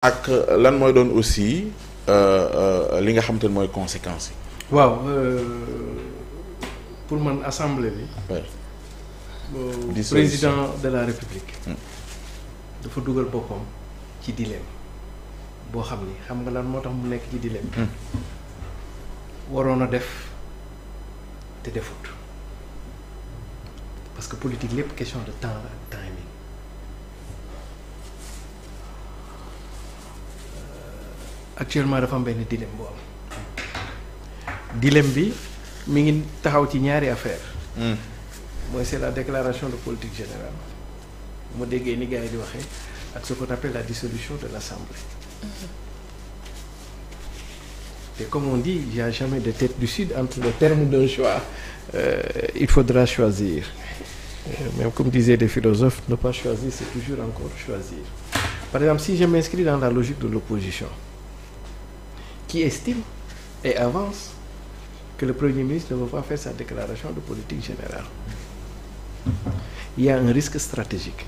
ak lan mooy doon aussi euh, euh, li nga xam ne mooy conséquence yi. waaw euh, pour man assemblée bi. président de la république. Mm. dafa dugal boppam ci dilemme boo xam ni xam nga lan moo tax mu nekk ci dilemme. Mm. waroon a def te defut parce que politique lépp question de temps la timing. actuellement dafa am benn dilemme bu bi mi ngi taxaw ci ñaari affaire hmm. mooy c'est la déclaration de politique générale mu déggee ni gars yi di waxee ak ce qu'on appelle la dissolution de l'Assemblée hmm. te comme on dit il n'y a jamais de tête du sud entre le terme d'un choix euh, il faudra choisir euh, même comme disaient les philosophes ne pas choisir c'est toujours encore choisir par exemple si je m'inscris dans la logique de l'opposition qui estime et avance que le Premier ministre ne veut pas faire sa déclaration de politique générale. Il un risque stratégique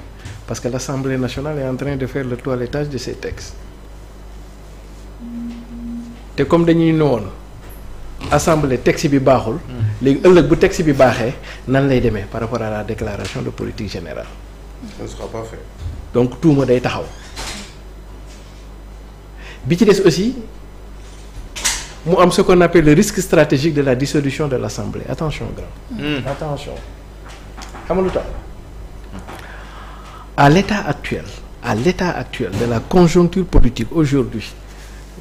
parce que l'Assemblée nationale est en train de faire le toilettage de ces textes. te comme dañuy ne woon assemblée texte bi baaxul. léegi ëllëg bu texte bi baaxee nan lay demee par rapport à la déclaration de politique générale. ça ne sera donc tuuma day taxaw bi ci des aussi. mu am ce qu'on appelle le risque stratégique de la dissolution de l'Assemblée attention grand hmm. attention xam nga lu tax à l'état actuel à l'état actuel de la conjoncture politique aujourd'hui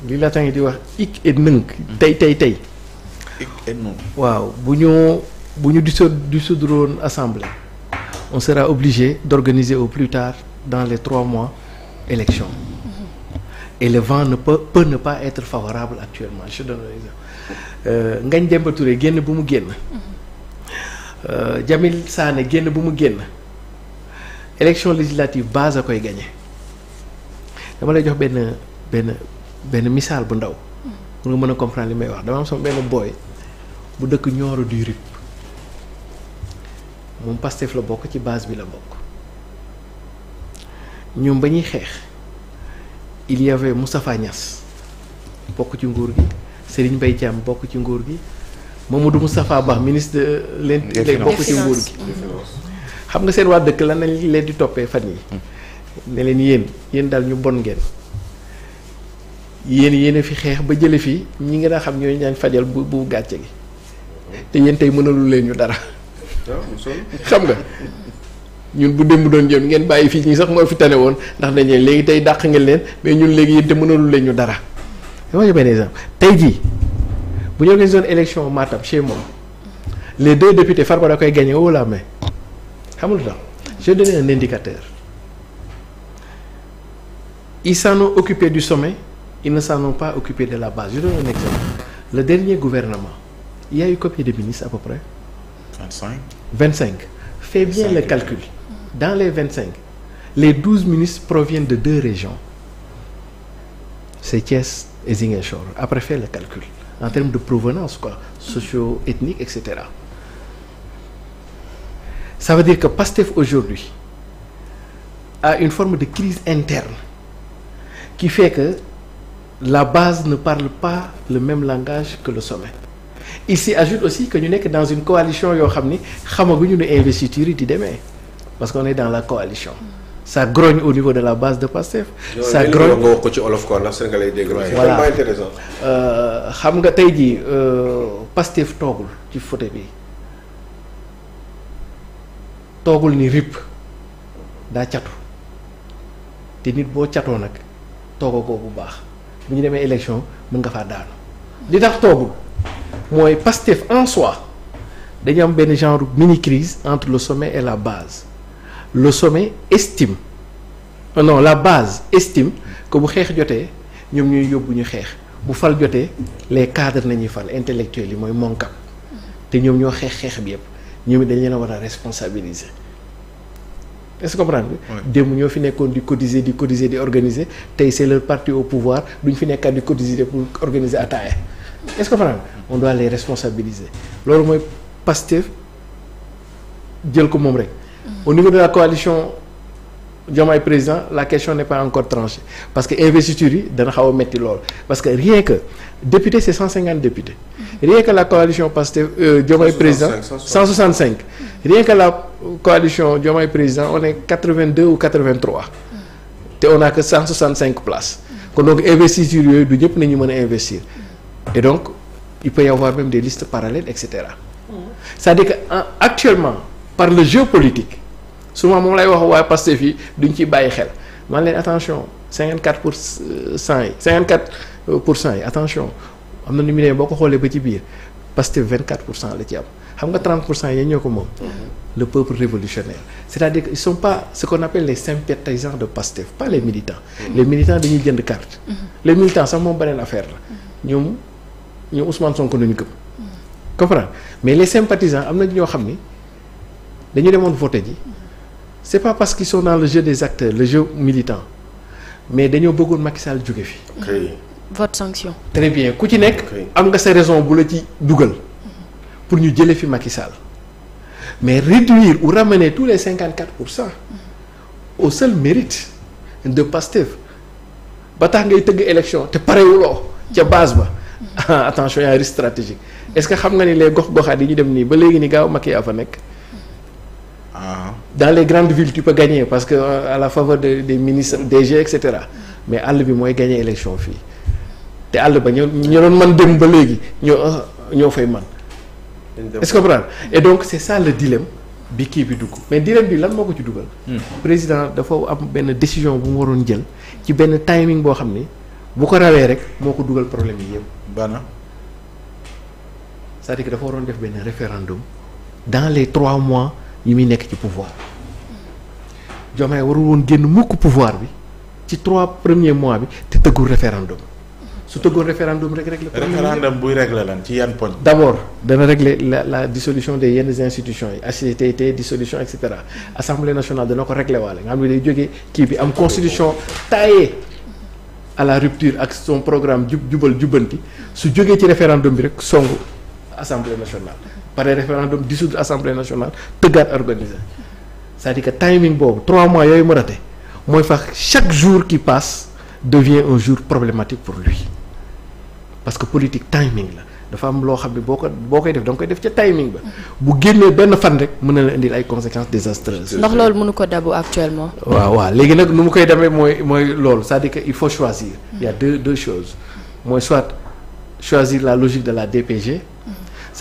li latin yi di wax hic et nunc hmm. tey tey tey hic et nunc waaw bu ñu bu ñu diso dissoudroon assemblée on sera obligé d'organiser au plus tard dans les trois mois élection et le vent ne peut peut ne pas être favorable actuellement euh, génn bu mu génn euh, Jamil Sané génn bu mu génn élection législative baas a koy gagné dama lay jox benn benn benn misaal bu ndaw pour nga mën a comprendre li may wax dama am sama benn booy bu dëkk Nioro du Rip moom Pastef la bokk ci base bi la bokk ñoom ba ñuy xeex il y avait Moustapha bokk ci nguur gi sëriñ Mbaye Thiam bokk ci nguur gi Mamadou Moustapha Ba ministre de l'intérieur bokk ci nguur gi xam nga seen waa dëkk lan lañ leen di toppee fan yi hmm. ne leen yéen yéen daal ñu bon ngeen yéen yéen fi xeex ba jële fi ñi nga xam ñooy ñaan fajal bu bu gàcce gi te yéen tey leen ñu dara oh, xam nga ñun bu démb doon jëm ngeen bàyyi fii ñi sax moo fi tane woon ndax dañ leen léegi tey dàq ngeen leen mais ñun léegi yéen te mënalu leen ñu dara. dama jox benn exemple tey jii bu ñu organisé woon élection Matam chez moom les deux députés Farba da koy gagné wala mais xam nga lu tax je donne un indicateur ils s'en ont occupé du sommet ils ne pas occupé de la base je donne un exemple le dernier gouvernement il y a eu combien de ministres à peu près. vingt cinq vingt cinq. fais bien le calcul. dans les vingt cinq les douze ministres proviennent de deux régions c'est Thiès et Ziguinchor après faire le calcul en termes de provenance quoi socio-ethnique et cetera ça veut dire que Pastef aujourd'hui a une forme de crise interne qui fait que la base ne parle pas le même langage que le sommet il s'y ajoute aussi que ñu nekk dans une coalition yoo xam ni xamaguñu ne investiture yi di demee parce qu'on est dans la coalition. ça grogne au niveau de la base de Pastef. ça grogne nga wax ko ci olof quoi ndax Sénégalais yi dégg euh, xam nga tey jii euh, Pastef toogul ci foté bi toogul ni rip daa catu te nit boo catoo nag toogoo ko bu baax bu ñu demee élection mën nga faa daanu. li tax toogul mooy Pastef en soi dañu am benn genre mini crise entre le sommet et la base. le sommet estime euh, non la base estime que bu xeex jotee ñoom ñuy yóbbu ñu xeex bu fal jotee les cadres nañuy fal intellectuels yi mooy monkap te ñoom ñoo xeex xeex bi yëpp ñoom it dañ leen a war a responsabiliser est-ce que comprendre nga. démb ñoo fi nekkoon di cotiser di cotiser di organiser tey c'est leur partie au pouvoir duñ fi nekkaat di cotiser pour organiser ataaya est-ce que comprendre on doit les responsabiliser loolu mooy Pastef jël ko moom rek. au niveau de la coalition Diomaye président la question n'est pas encore tranchée parce que investiture yi dana xaw a metti lool parce que rien que député c'est 150 députés. rien que la coalition Pastef euh, Diomaye président 165 rien que la coalition Diomaye président on est deux ou 83 te on a que cinq place kon donc investiture yooyu du ñëpp nañu mën a investir et donc il peut y avoir même liste listes parallèles et cetera mm. c'est-à-dire par le jeu politique souvent moom lay wax waaye Pastef yi duñ ciy bàyyi xel man leen attention 54 pour cent yi 54 euh, pour cent yi attention am na nu mu ne boo ko xoolee ba ci biir Pastef 24 pour cent la ci am xam nga 30 pour cent yi ñoo ko moom. Mm-hmm. le peuple révolutionnaire c'est-à-dire que ils sont pas ce qu'on appelle les sympathisants de Pastef pas les militants. Mm-hmm. les militants dañuy jënd carte. Mm-hmm. les militants sax moom beneen affaire la. ñoom ñoom am na ñoo xam ni. dañu demoon voté ji c'est pas parce que sont dans le jeu des acteurs le jeu militant mais dañoo bëggoon Macky Sall jóge fi. vote sanction. très bien ku ci nekk. am nga sa raison bu la ci dugal. pour ñu jëlee fi Macky Sall mais réduire ou ramener tous les cinquante quatre pour cent au seul mérite de Pastef ba tax ngay tëgg élection te parewuloo ca base ba. attention y a un risque stratégique est-ce que xam nga ni les gox-goxaat yi ñu dem nii ba léegi ni gaaw Macky a fa nekk. dans les grandes villes tu parce que euh, à la faveur de, des ministres DG et cetera mais àll bi mooy gagner élection fii te àll ba ñoo ñoo doon man dem ba léegi ñoo ah, ñoo fay man est-ce que comprendre et donc c'est ça le dilemme bi kii bi dugg mais dilemme bi lan moo ko ci dugal hmm. président dafa am benn décision bu mu waroon jël ci benn timing boo xam ne bu ko rawee rek moo ko dugal problème yi yëpp bana c'est-à-dire que dafa waroon def benn référendum dans les trois mois yi muy nekk ci pouvoir Diomaye warul woon génn mukk pouvoir bi ci trois premiers mois bi te tëggul référendum su tëggoon référendum rek rek la. référendum buy régler lan ci yan poñ. d' abord dana régler la la dissolution des yenn institutions yi HCCT dissolution et cetera assemblée nationale dana ko régler waale nga xam ne day jógee kii bi am constitution taillée à la rupture ak son programme jub jubal jubal jubbanti su jógee ci référendum bi rek songu assemblée nationale. par référendum dissoudre assemblée nationale tëggaat organiser c'est-à-dire que timing boobu trois mois yooyu mu raté mooy fax chaque jour qui passe devient un jour problématique pour lui parce que politique timing la dafa am loo xam ne boo ko boo koy def da nga koy def ca timing ba bu génnee benn fan rek mën na la indil ay conséquences désastreuses. ndax loolu mënu ko dabu actuellement. waaw waaw léegi nag nu mu koy demee mooy mooy loolu c'est-à-dire il faut choisir. il y a deux mooy soit choisir la logique de la DPG.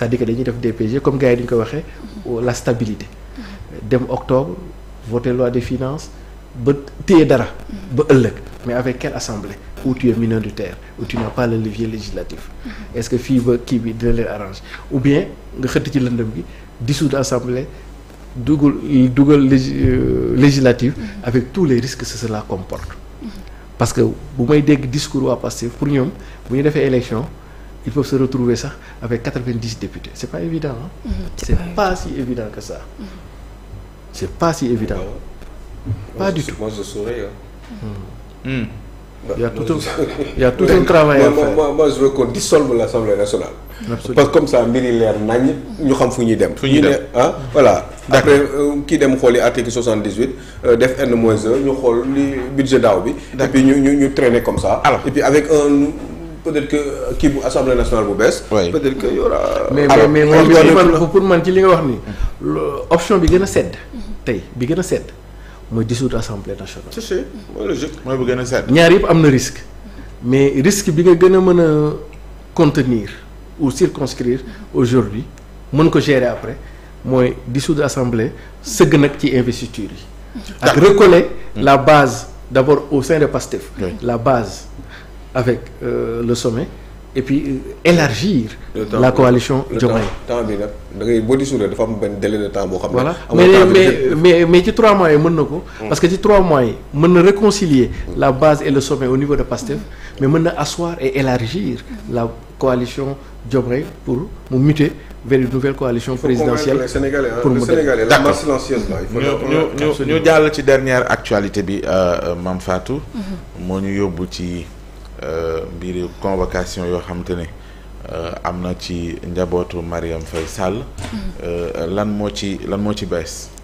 cest à dañuy def DPG comme gars yi di ko waxee la stabilité dem octobre voter loi des finance ba téye dara ba ëllëg mais avec quelle assemblée où tu es minoritaire où tu n'as pas le levier législatif est que fii ba kii bi dina leen arrange ou bien nga xëtt ci lëndëm gi dissoudre assemblée dugal dugal euh, législative avec tous les risques que cela comporte parce que bu may dégg discours waa Pastef pour ñoom bu ñu defee élection ils peuvent se retrouver sax avec quatre-vingt-dix députés c'est pas évident ah. c'est pas si évident que ça. Mhm. c'est pas si évident. pas du tout. moi je souris hein. Hmm. Hmm. Il y a tout un, il y a tout un travail à faire. Moi, moi, je veux qu'on dissolve l'Assemblée nationale. Absolument. parce que comme ça mbir yi leer nañ ñu xam fu ñuy dem. fu ñuy dem ah voilà. après euh, kii dem xooli article soixante dix huit euh, def n moins 1 ñu xool li budget daaw bi. et puis ñu ñu ñu traîner comme ça. alors et puis avec un. peut-être que euh, kii bu assemblée nationale bu bees. peut-être que y aura. Euh, mais mais mais pour man ci li nga wax ni option bi gën a sedd. tey bi gën a sedd mooy dissoudre assemblée nationale. c'est c'est mooy logique. mooy bu gën a sedd. ñaar yëpp am na risque. mais risque bi nga gën a mën a contenir ou circonscrire aujourd'hui mën ko gérer après mooy dissoudre assemblée sëgg nag ci investiture yi. ak recoller mm. la base d'abord au sein de PASTEF. la base avec euh, le sommet et puis euh, élargir. Temps, la coalition Diomaye. bi nag da ngay boo dissoudre dafa am benn délai de temps boo xam ne. voilà mais mais mais ci trois mois yi mën na ko. Hmm. parce que ci trois mois yi mën na réconcilier hmm. la base et le sommet au niveau de PASTEF mais mën na asseoir et élargir hmm. la coalition Diomaye pour mu muter vers une nouvelle coalition présidentielle. pour mu Sénégalais la masse ñu jàll ci dernière actualité bi euh, Mame Fatou. Mm-hmm. moo ñu yóbbu ci. Euh, mbiri convocation yoo xamante ne euh, am na ci njabootu Mariam Faye Sall. Hmm. Euh, lan moo ci lan moo ci bees.